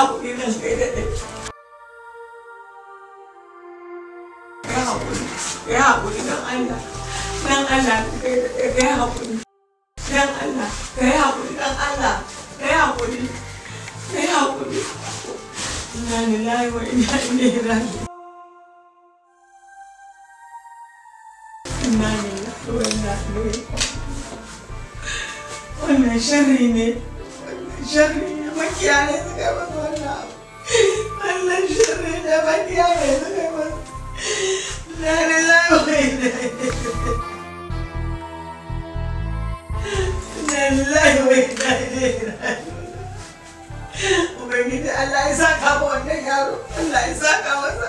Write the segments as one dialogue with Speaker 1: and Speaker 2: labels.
Speaker 1: haƙuri zan shiga daɗe ya haƙuri ya haƙuri don Allah
Speaker 2: don Allah ka yi haƙuri don Allah ka yi haƙuri don
Speaker 3: Allah ne makiya ne suka yi wannan abu wannan
Speaker 1: shirri da makiya ne yi masa na ne za mu yi ne
Speaker 3: na Allah ya saka ma wannan yaro, Allah ya saka masa,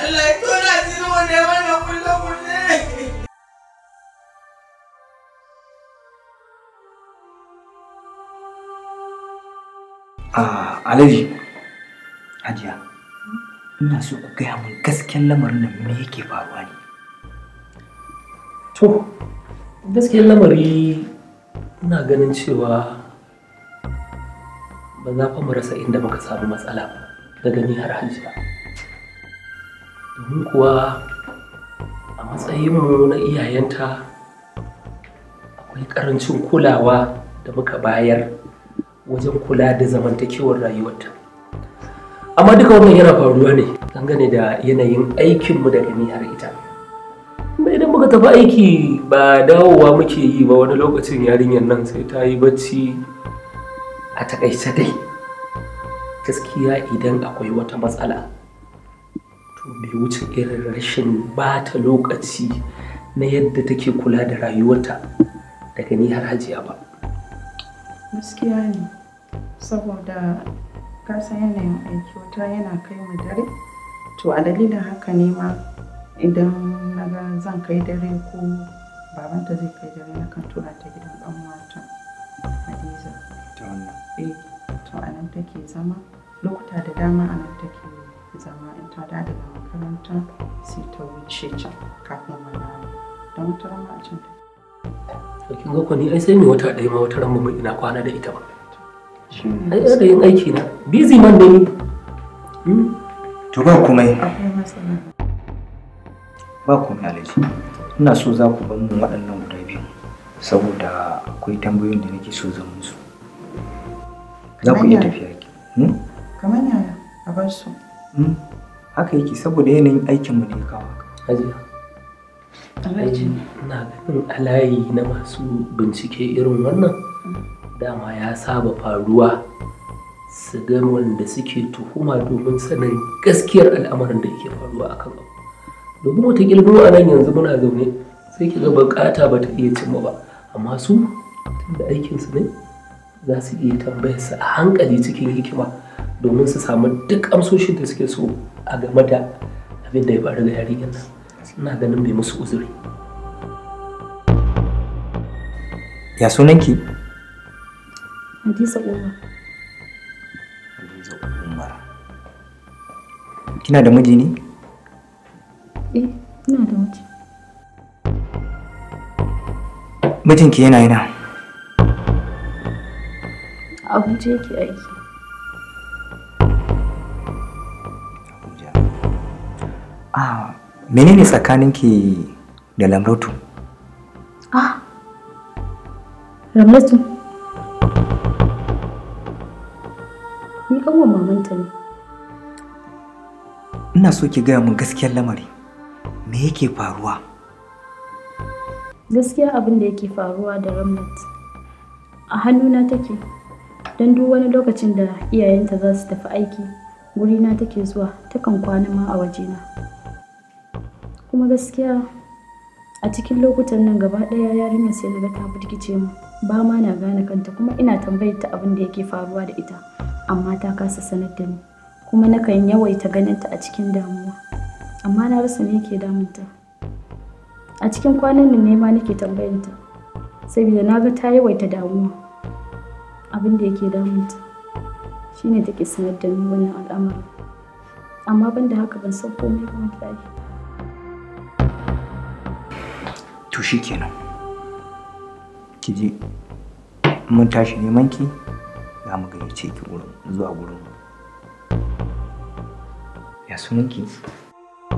Speaker 3: Allah ya tona wannan wannan
Speaker 4: a ah, alaji hajiya
Speaker 5: ina so ku gaya min gaskiyar lamarin nan me yake faruwa ne to gaskiyar lamari ina ganin cewa ba za fa mu rasa inda muka samu matsala ba daga ni har hajiya domin kuwa a matsayinmu na iyayenta akwai ƙarancin kulawa da muka bayar wajen kula da zamantakewar rayuwarta amma duka wannan yana faruwa ne dangane da yanayin aikinmu daga ni har ita idan muka tafi aiki ba dawowa muke yi ba wani lokacin yarinyar nan sai ta yi bacci a takaice dai gaskiya idan akwai wata matsala to bai wuce irin rashin ba ta lokaci na yadda take kula da rayuwarta daga ni har hajiya ba
Speaker 2: gaskiya ne saboda kasan yanayin aiki wata yana kai mu dare to a dalilin haka ne ma idan na ga zan kai dare ko babanta zai kai dare na kan tura ta gidan dan mata hadiza eh, to a nan take zama lokuta da dama a nan take zama in ta da daga makaranta sai ta wuce can kafin mana
Speaker 4: don wata rama a can ta.
Speaker 5: Kin ga kwani ai sai ne wata ɗaya ma wata rama mai ina kwana da ita ba. ai da yin aiki na busy man da ni hmm? to ba komai
Speaker 4: ba komai alaji ina so za ku ban waɗannan guda biyu saboda akwai tambayoyin da nake so zan musu za ku iya tafiya ki hmm?
Speaker 3: kamar yaya a bar su
Speaker 5: hmm? haka yake saboda yanayin aikin mu ne kawo hajiya Alhaji. Na ganin alayi na masu bincike irin wannan dama ya saba faruwa su ga wanda suke tuhuma domin sanin gaskiyar al'amarin da yake faruwa a kan abu domin wata mu a nan yanzu muna zaune sai ki ga bukata ba ta iya cimma ba amma su tunda aikinsu ne za su iya tambayar su a hankali cikin hikima domin su samu duk amsoshin da suke so a game da abin da ya faru da yarinyar nan ina ganin bai musu uzuri
Speaker 4: ya sunanki
Speaker 3: Hadiza Umar. Hadiza
Speaker 4: Umar. Kina da miji ne?
Speaker 3: Eh, ina da miji.
Speaker 4: Mijinki yana yana.
Speaker 2: Abuja yake aiki.
Speaker 4: Abuja. Ah, menene tsakaninki da Lamratu?
Speaker 3: Ah, Lamratu ciwon mamanta ne
Speaker 4: ina so ki gaya min gaskiyar lamari me yake faruwa
Speaker 3: gaskiya abin da yake faruwa da ramnat a hannuna take don duk wani lokacin da iyayenta za su tafi aiki guri na take zuwa takan kwana ma a wajena kuma gaskiya a cikin lokutan nan gaba ɗaya yarinyar sai na ga ta burkice mu ba ma na gane kanta kuma ina tambayar ta abin da yake faruwa da ita amma ta kasa sanar da ni kuma nakan yawaita ganinta a cikin damuwa amma na rasa me yake damunta a cikin kwanan nan ne ma nake tambayanta saboda na ga ta yawaita damuwa abin da yake damunta shine take sanar da ni wannan al'amarin amma ban da haka ban san komai ba wallahi
Speaker 4: to shikenan ki mun tashi neman ki za mu ce ki wurin zuwa wurin mu ya sunan ki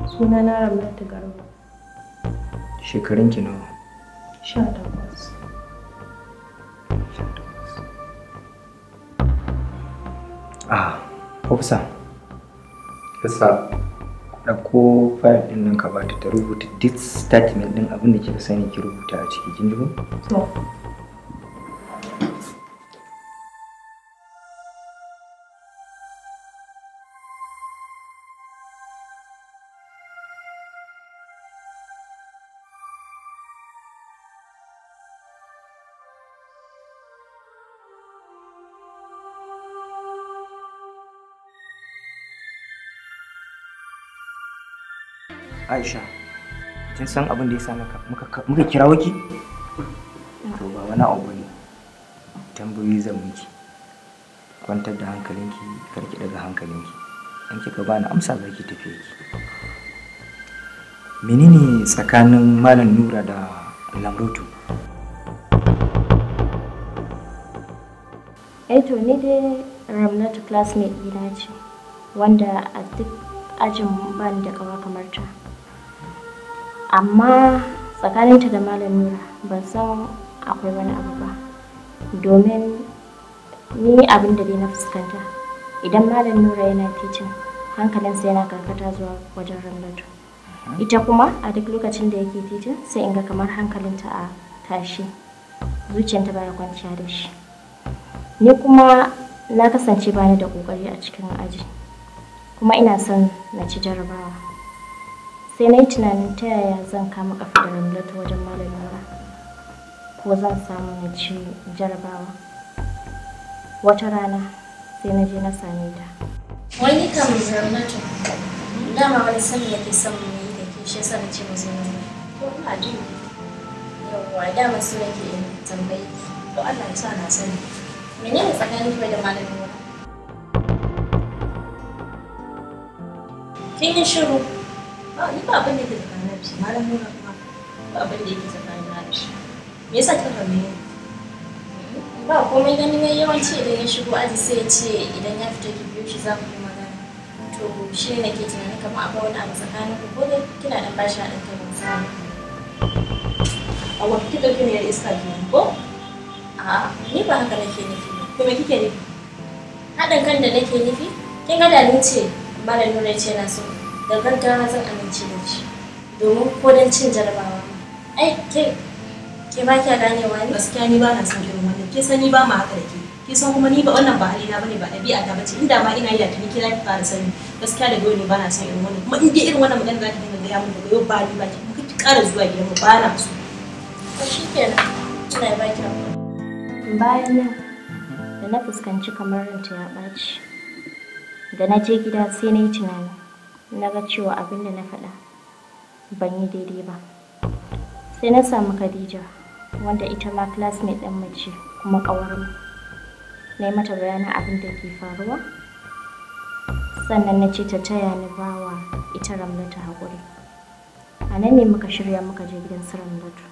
Speaker 2: suna na ramla ta garba
Speaker 4: shekarun ki nawa
Speaker 2: sha takwas
Speaker 4: ah ofisa ofisa ɗauko fayil ɗin nan ka ba ta rubuta duk statement ɗin abin da kika sani ki rubuta a ciki kin ji to Aisha, kin san abin da ya sa muka kira waki? To ba wani abu ne. Tambayoyi zan miki. Kwantar da hankalinki, karki daga hankalinki. In kika ba ni amsa za ki tafi ki. Menene tsakanin Malam Nura da Lamrotu?
Speaker 3: Eh to ni dai Ramnatu classmate ɗina ce, wanda a duk ajin ban da kawa kamar ta. amma tsakaninta da malam ban san akwai wani abu ba domin ni abin da dai na fuskanta idan malam nura yana ticin hankalinsa yana karkata zuwa wajen ramlatu ita kuma a duk lokacin da yake titin sai in ga kamar hankalinta a tashi zuciyanta baya kwanciya da shi ni kuma na kasance bani da kokari a cikin aji kuma ina son na ci jarabawa sai na yi tunanin ta yaya zan kama kafa da ramlata wajen malamina ko zan samu na ci jarabawa wata rana sai na je na same ta wani kam ramlata dama wani sani yake son mu yi da ke shi yasa na ce mu zo mu ko a ji yawwa dama su nake in tambayi ko Allah ya sa na sani menene tsakanin kai da malamin kin yi shiru ba ni ba abin da yake tsakanin shi malam nura kuma ba abin da yake tsakanin na shi me yasa kika rame ni ba komai ganin yayi yawanci idan ya shigo aji sai ya ce idan ya fita ki biyo shi za ku yi magana to shi ne nake tunanin kamar akwai wani abu tsakanin ku ko dai kina dan bashi haɗin kai ban samu a wata kika kina yar iska kenan ko a'a ni ba haka nake nufi ba kuma kike nufi haɗin kan da nake nufi kin ga da ni ce malam nura ce na so da gaggawa zan amince da shi domin kodan cin jarabawa ai ke ke ba kya ganewa ne gaskiya ni ba na son irin wannan ke sani ba ma haka da ke ki san kuma ni ba wannan ba halina bane ba dabi'a ta bace inda ma ina yi da tuni kira ki fara sani gaskiya da dole ba na son irin wannan kuma in dai irin wannan magana za ki dinga gaya mun daga yau ba ni ba ki kuma ki kara zuwa gidan mu ba na so to shikenan ina ba ki bayan nan da na fuskanci kamar ranta ya ɓaci da na je gida sai na yi tunani na ga cewa abin da na faɗa ban yi daidai ba sai na samu khadija wanda ita ma classmate ɗin mace kuma ƙawarmu na yi mata bayanin abin da ke faruwa sannan na ce ta taya ni bawa ita ramlata haƙuri a nan ne muka shirya muka je gidan su ramlata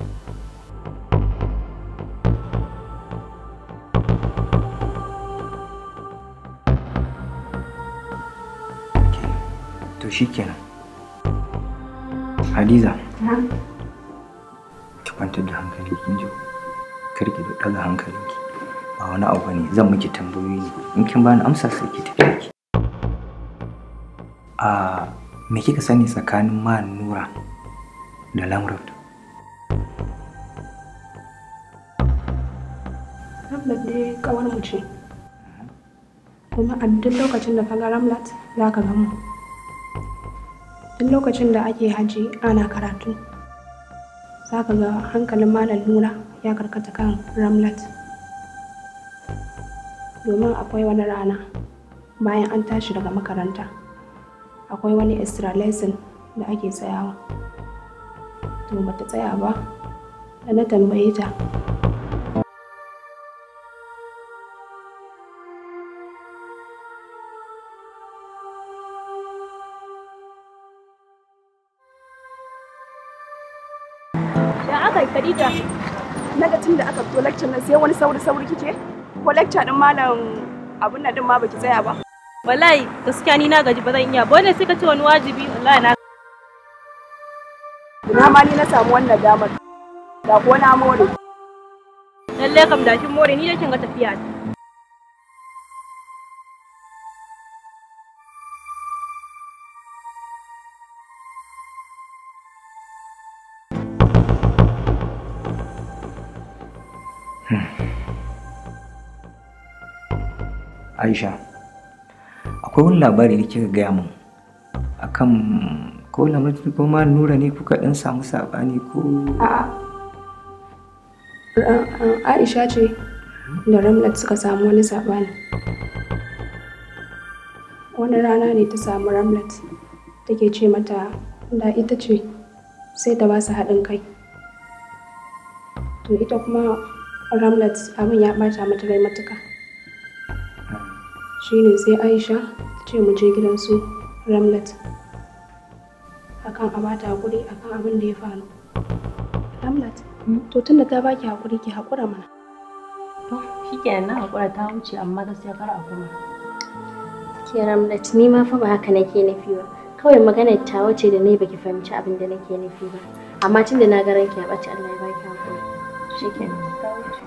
Speaker 4: kenan. hadiza ki kwanta da hankali kin ji karki da ɗaga hankalinki ba wani abu ne zan miki tambayoyi ne in kin bani amsar sai ki tafi ki a me kika sani tsakanin ma nura da lamrod
Speaker 2: Ramlat dai kawar mutum ce kuma a duk lokacin da ka ga Ramlat za ka gamu. duk lokacin da ake haji ana karatu za ka ga hankalin malam nura ya karkata kan ramlat domin akwai wani rana bayan an tashi daga makaranta akwai wani extra lesson da ake tsayawa to bata tsaya ba da na tambaye ta Khadija, na ga tun da aka fito lecture nan sai wani sauri sauri kike? Ko lecture din malam abun nan din ma baki tsaya ba? Wallahi gaskiya ni na gaji ba zan iya ba ne sai ka ce wani wajibi wallahi na Ina ma ni na samu wannan damar. Da ko more. Lalle kam da kin more ni yake ga tafiya
Speaker 4: Aisha akwai wani labari da kika gaya min akan ko lamatu ko ma nura ne kuka dan samu sabani ko a'a
Speaker 2: Aisha ce da Ramlat suka samu wani sabani wani rana ne ta samu Ramlat take ce mata da ita ce sai ta ba su haɗin kai to ita kuma Ramlat abin ya ɓata mata rai matuka. shine sai aisha ce mu je gidansu ramlet akan a bata hakuri akan abin da ya faru ramlet hmm? to tun da ta baki hakuri ki hakura mana to ke na hakura
Speaker 3: ta wuce amma gaskiya kar a kuma ke ramlet ni ma fa ba haka nake nufi ba kawai maganar ta wuce da ni baki fahimci abin da nake nufi ba amma tun da na ga ranki a bace Allah ya baki hakuri shikenan ta wuce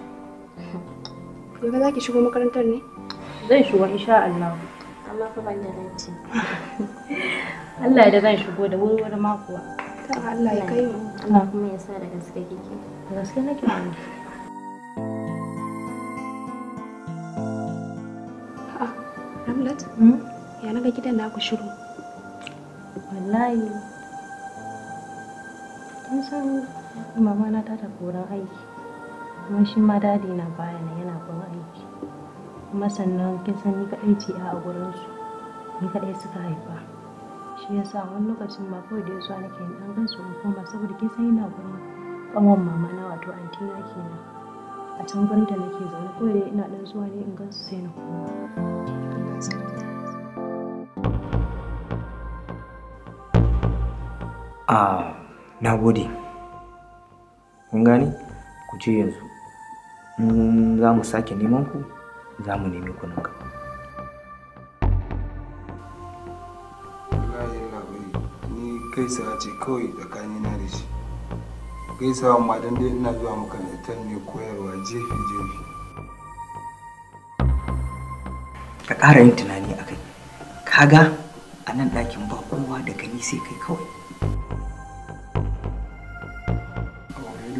Speaker 3: Gobe
Speaker 2: za ki shigo makarantar ne?
Speaker 3: zai shigo insha Allah
Speaker 2: amma fa ban da ranci Allah ya
Speaker 3: da zan shigo da wurwuri ma kuwa
Speaker 2: ta Allah ya kai mu Allah
Speaker 3: kuma ya sa da gaske kike gaske nake mu
Speaker 2: Ramlat, ah, hmm? ya na ga gidan na ku shiru.
Speaker 3: Wallahi, kun san mama na ta tafi wurin aiki, kuma shi ma dadi na bayana yana bin aiki.
Speaker 2: kuma sannan kin san ni kaɗai ce a gurinsu ni kaɗai suka haifa shi yasa wani lokacin ma kawai da ya zuwa nake ɗan gan su koma saboda kin san ina gurin ƙawon mama na wato antina kenan a can gurin da nake zaune kawai dai ina ɗan zuwa ne in gan su sai na koma
Speaker 4: a ah, na gode kun gani ku ce yanzu za mu sake neman ku za mu nemi kununka. ka wallahi labari ni kai ce kawai tsakanin na da shi gaisawa ma dan dai ina zuwa makarantar ne koyarwa jefi jefi ka ƙara yin tunani a kai ga, a nan ɗakin ba kowa da gani sai kai kawai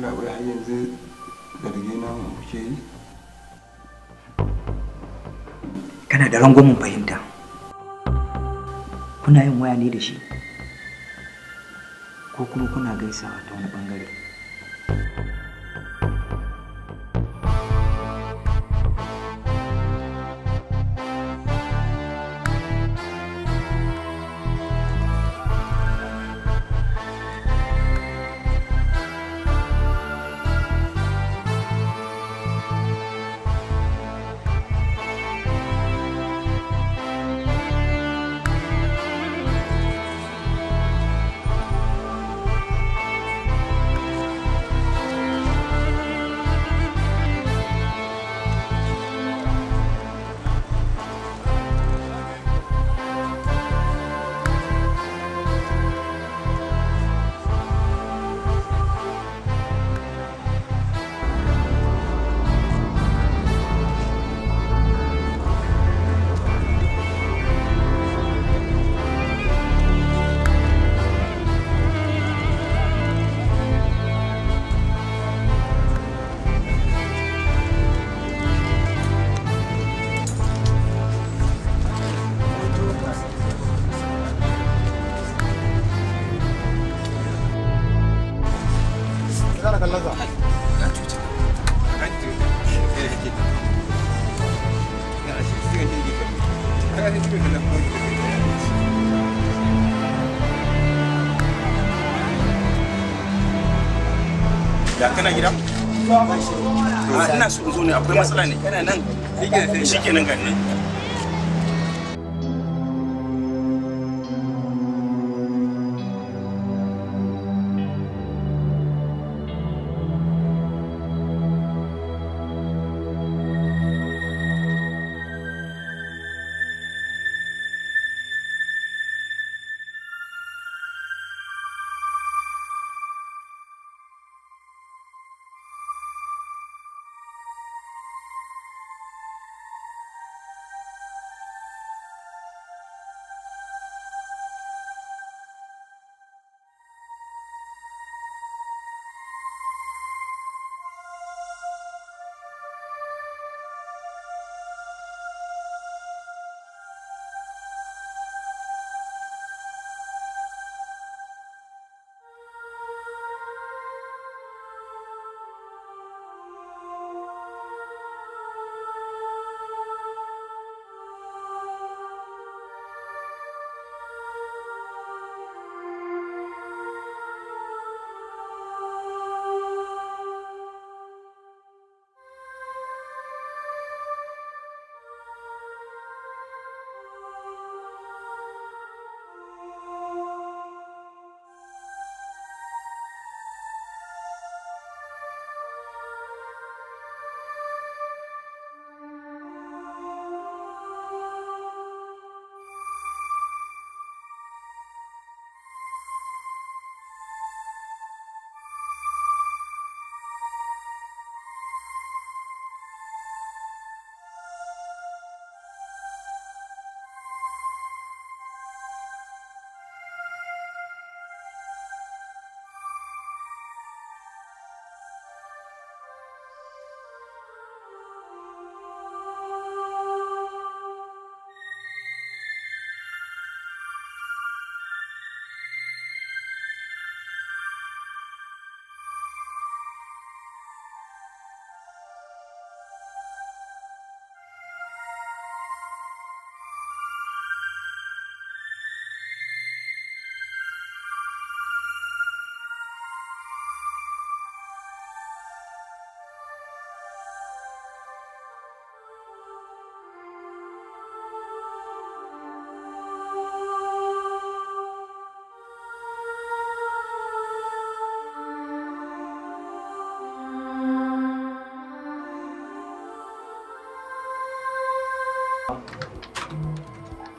Speaker 5: a wani yanzu zargi na muke yi
Speaker 4: yana da rangwamin fahimta kuna yin waya ne da shi ko kuma kuna gaisawa ta wani bangare kana gida ina so in zo ne akwai matsala ne kana nan shikenan ga ni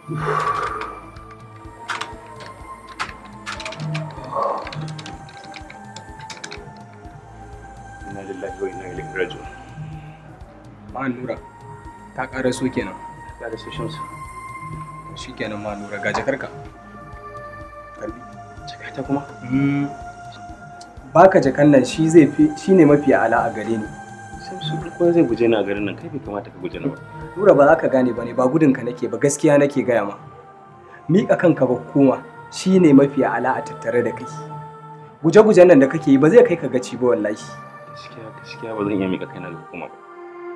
Speaker 4: lillahi wa ilaihi raji'un. Ma Nura ta ƙara so kenan. Ta Shi kenan ma Nura ga jakarka. Karbi. kuma? Hmm. Baka jakan nan shi zai fi shi ne mafi ala a gare ni. kuma zai guje ni a garin nan kai bai kamata ka guje ni ba nura ba za ka gane ba ne ba gudun ka nake ba gaskiya nake gaya ma miƙa kanka ba koma shine mafi ala a tattare da kai guje-gujen nan da kake yi ba zai kai ka gaci ba wallahi gaskiya gaskiya ba zan iya miƙa kaina ga hukuma ba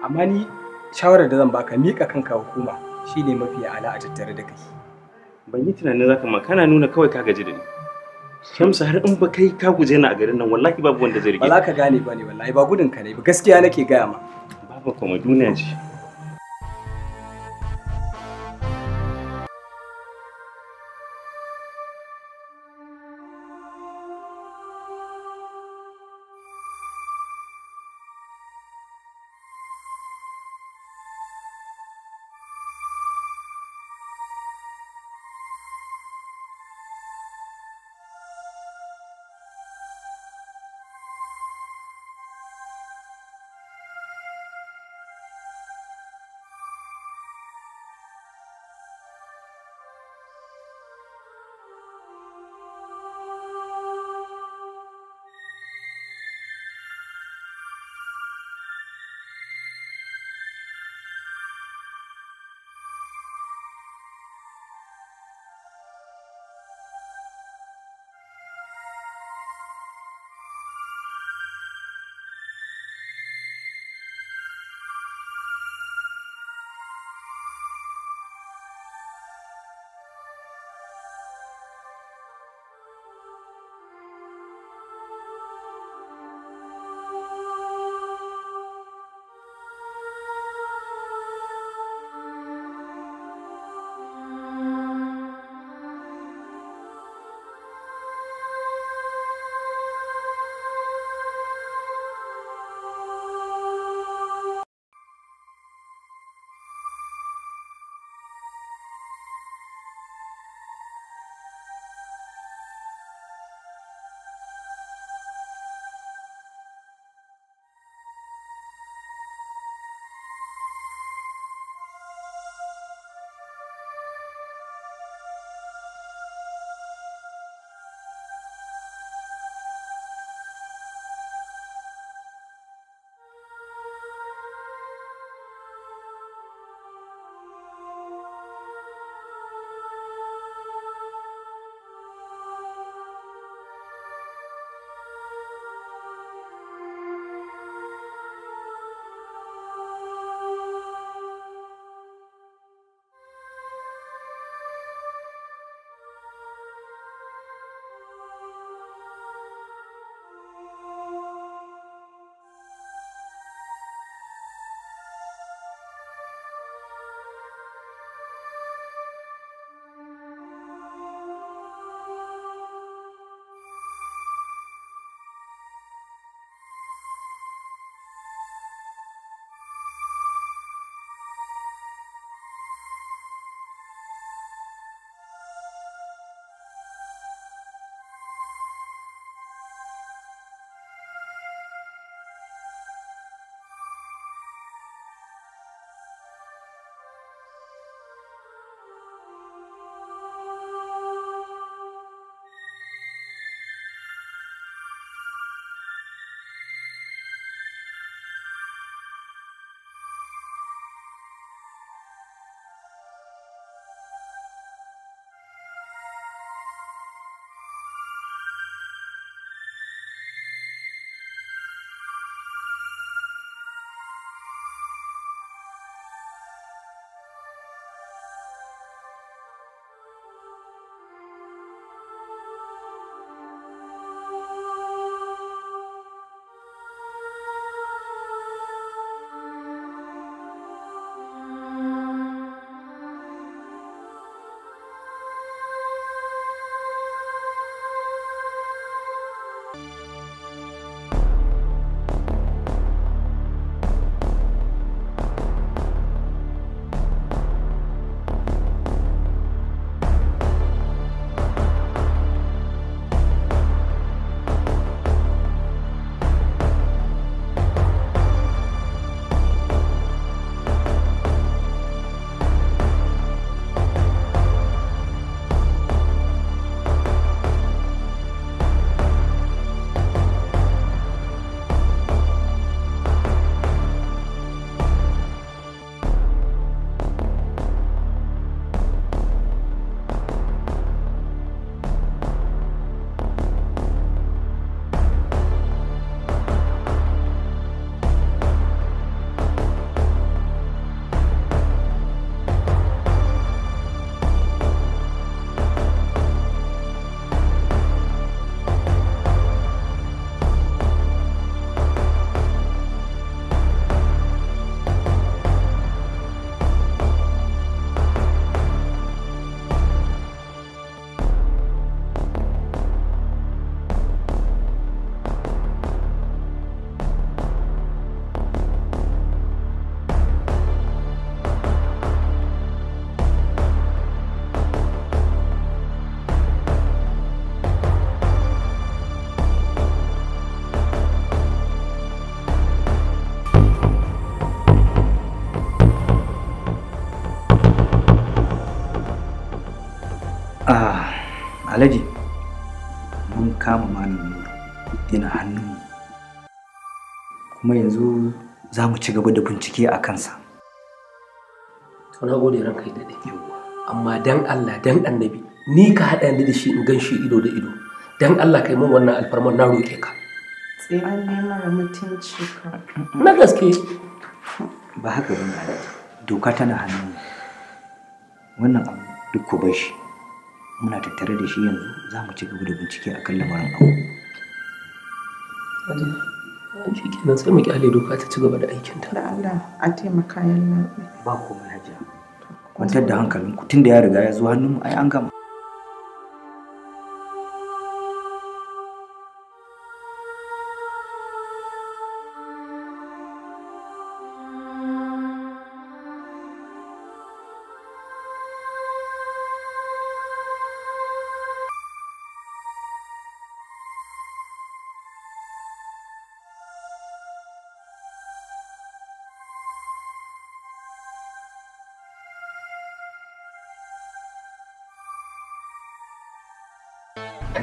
Speaker 4: amma ni shawarar da zan baka miƙa kanka hukuma shine mafi ala a tattare da kai ban yi tunanin ka ma kana nuna kawai ka gaji da ni Shamsu har in ba kai ka guje ni a garin nan wallahi babu wanda zai rike. Ba za ka gane ba ne wallahi ba gudun ka ne ba gaskiya nake gaya ma. Babu kuma duniya ce. kama malam nuru yana kuma yanzu za mu ci gaba da bincike a kansa
Speaker 5: na gode ranka yi amma dan Allah dan annabi ni ka haɗa ni da shi in gan ido da ido dan Allah kai mun wannan alfarman na roƙe ka ne mara mutunci ka na gaske ba haka ba doka
Speaker 4: tana hannun wannan abu duk ku bar shi muna tattare da
Speaker 5: shi yanzu za mu ci gaba da bincike a kan lamarin abu. Shi kenan sai mu kyale doka ta ci gaba da aikin ta. Da Allah
Speaker 4: a taimaka yalla. Ba komai hajiya. Kwantar da hankalinku tunda ya riga ya zo hannun mu ai an gama.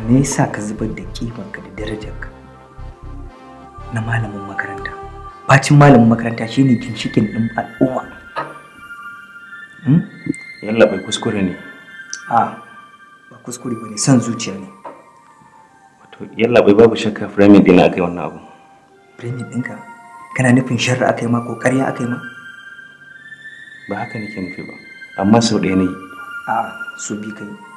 Speaker 4: me yasa ka zubar da kimanka da darajarka na malamin makaranta bacin malamin makaranta shine ginshikin din al'umma hmm? yalla bai kuskure ne a ba kuskure ba ne son zuciya ne wato yalla bai babu shakka framing din akai wannan abu framing ɗinka kana nufin sharri akai ma ko ƙarya akai ma ba haka nake nufi ba amma sau ɗaya ne a su bi kai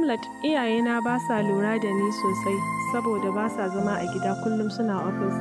Speaker 2: Hamlet iyayena ba sa lura da ni sosai saboda ba sa zama a gida kullum suna ofis.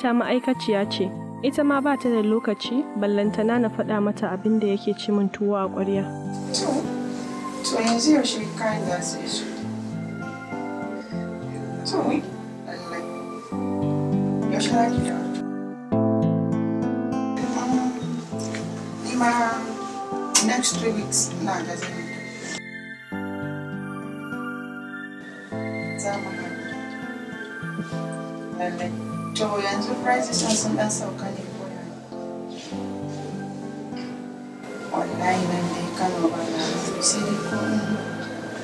Speaker 2: ta ma'aikaciya ce ita ma ba ta da lokaci ballantana na faɗa mata abin da yake ci min tuwo a ƙwarya.
Speaker 3: to yanzu yaushe kayan da su iso to yaushe za ki dawo ni ma next two weeks na da zai za mu lallai To yanzu
Speaker 2: prices sun dan sauka ne ko ya? Wallahi nan dai Kano ba na sai dai ko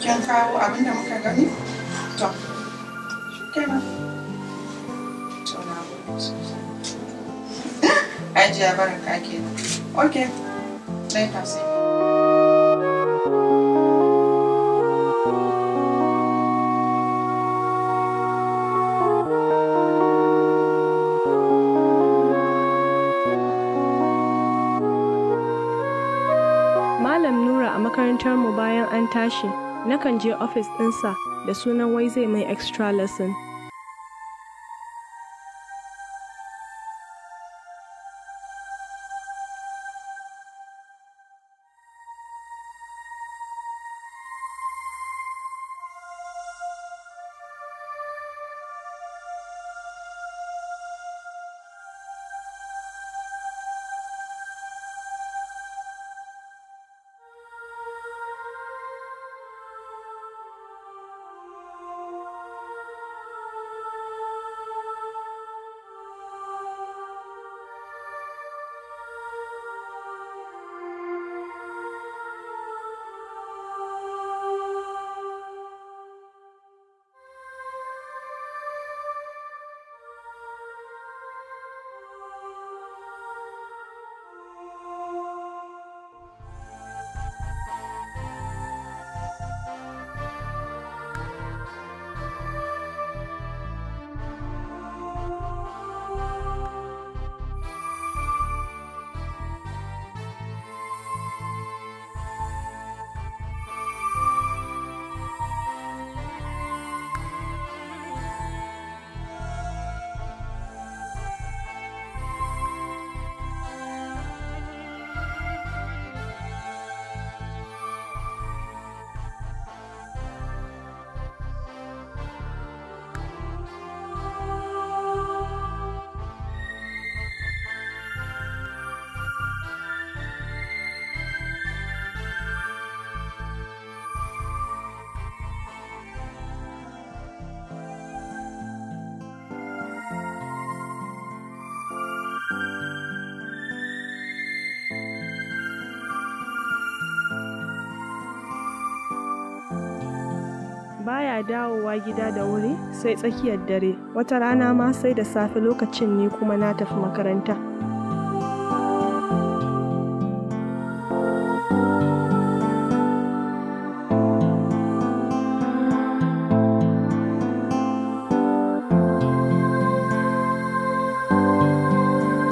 Speaker 2: kin kawo abin da muka gani? To. shukena, To na gode sosai. Ajiya barin ka kenan. Okay. Later sai. tashi, nakan je ofis ɗinsa da sunan wai zai mai extra lesson. baya dawowa gida da wuri sai tsakiyar dare, wata rana ma sai da safe lokacin ne kuma na tafi makaranta.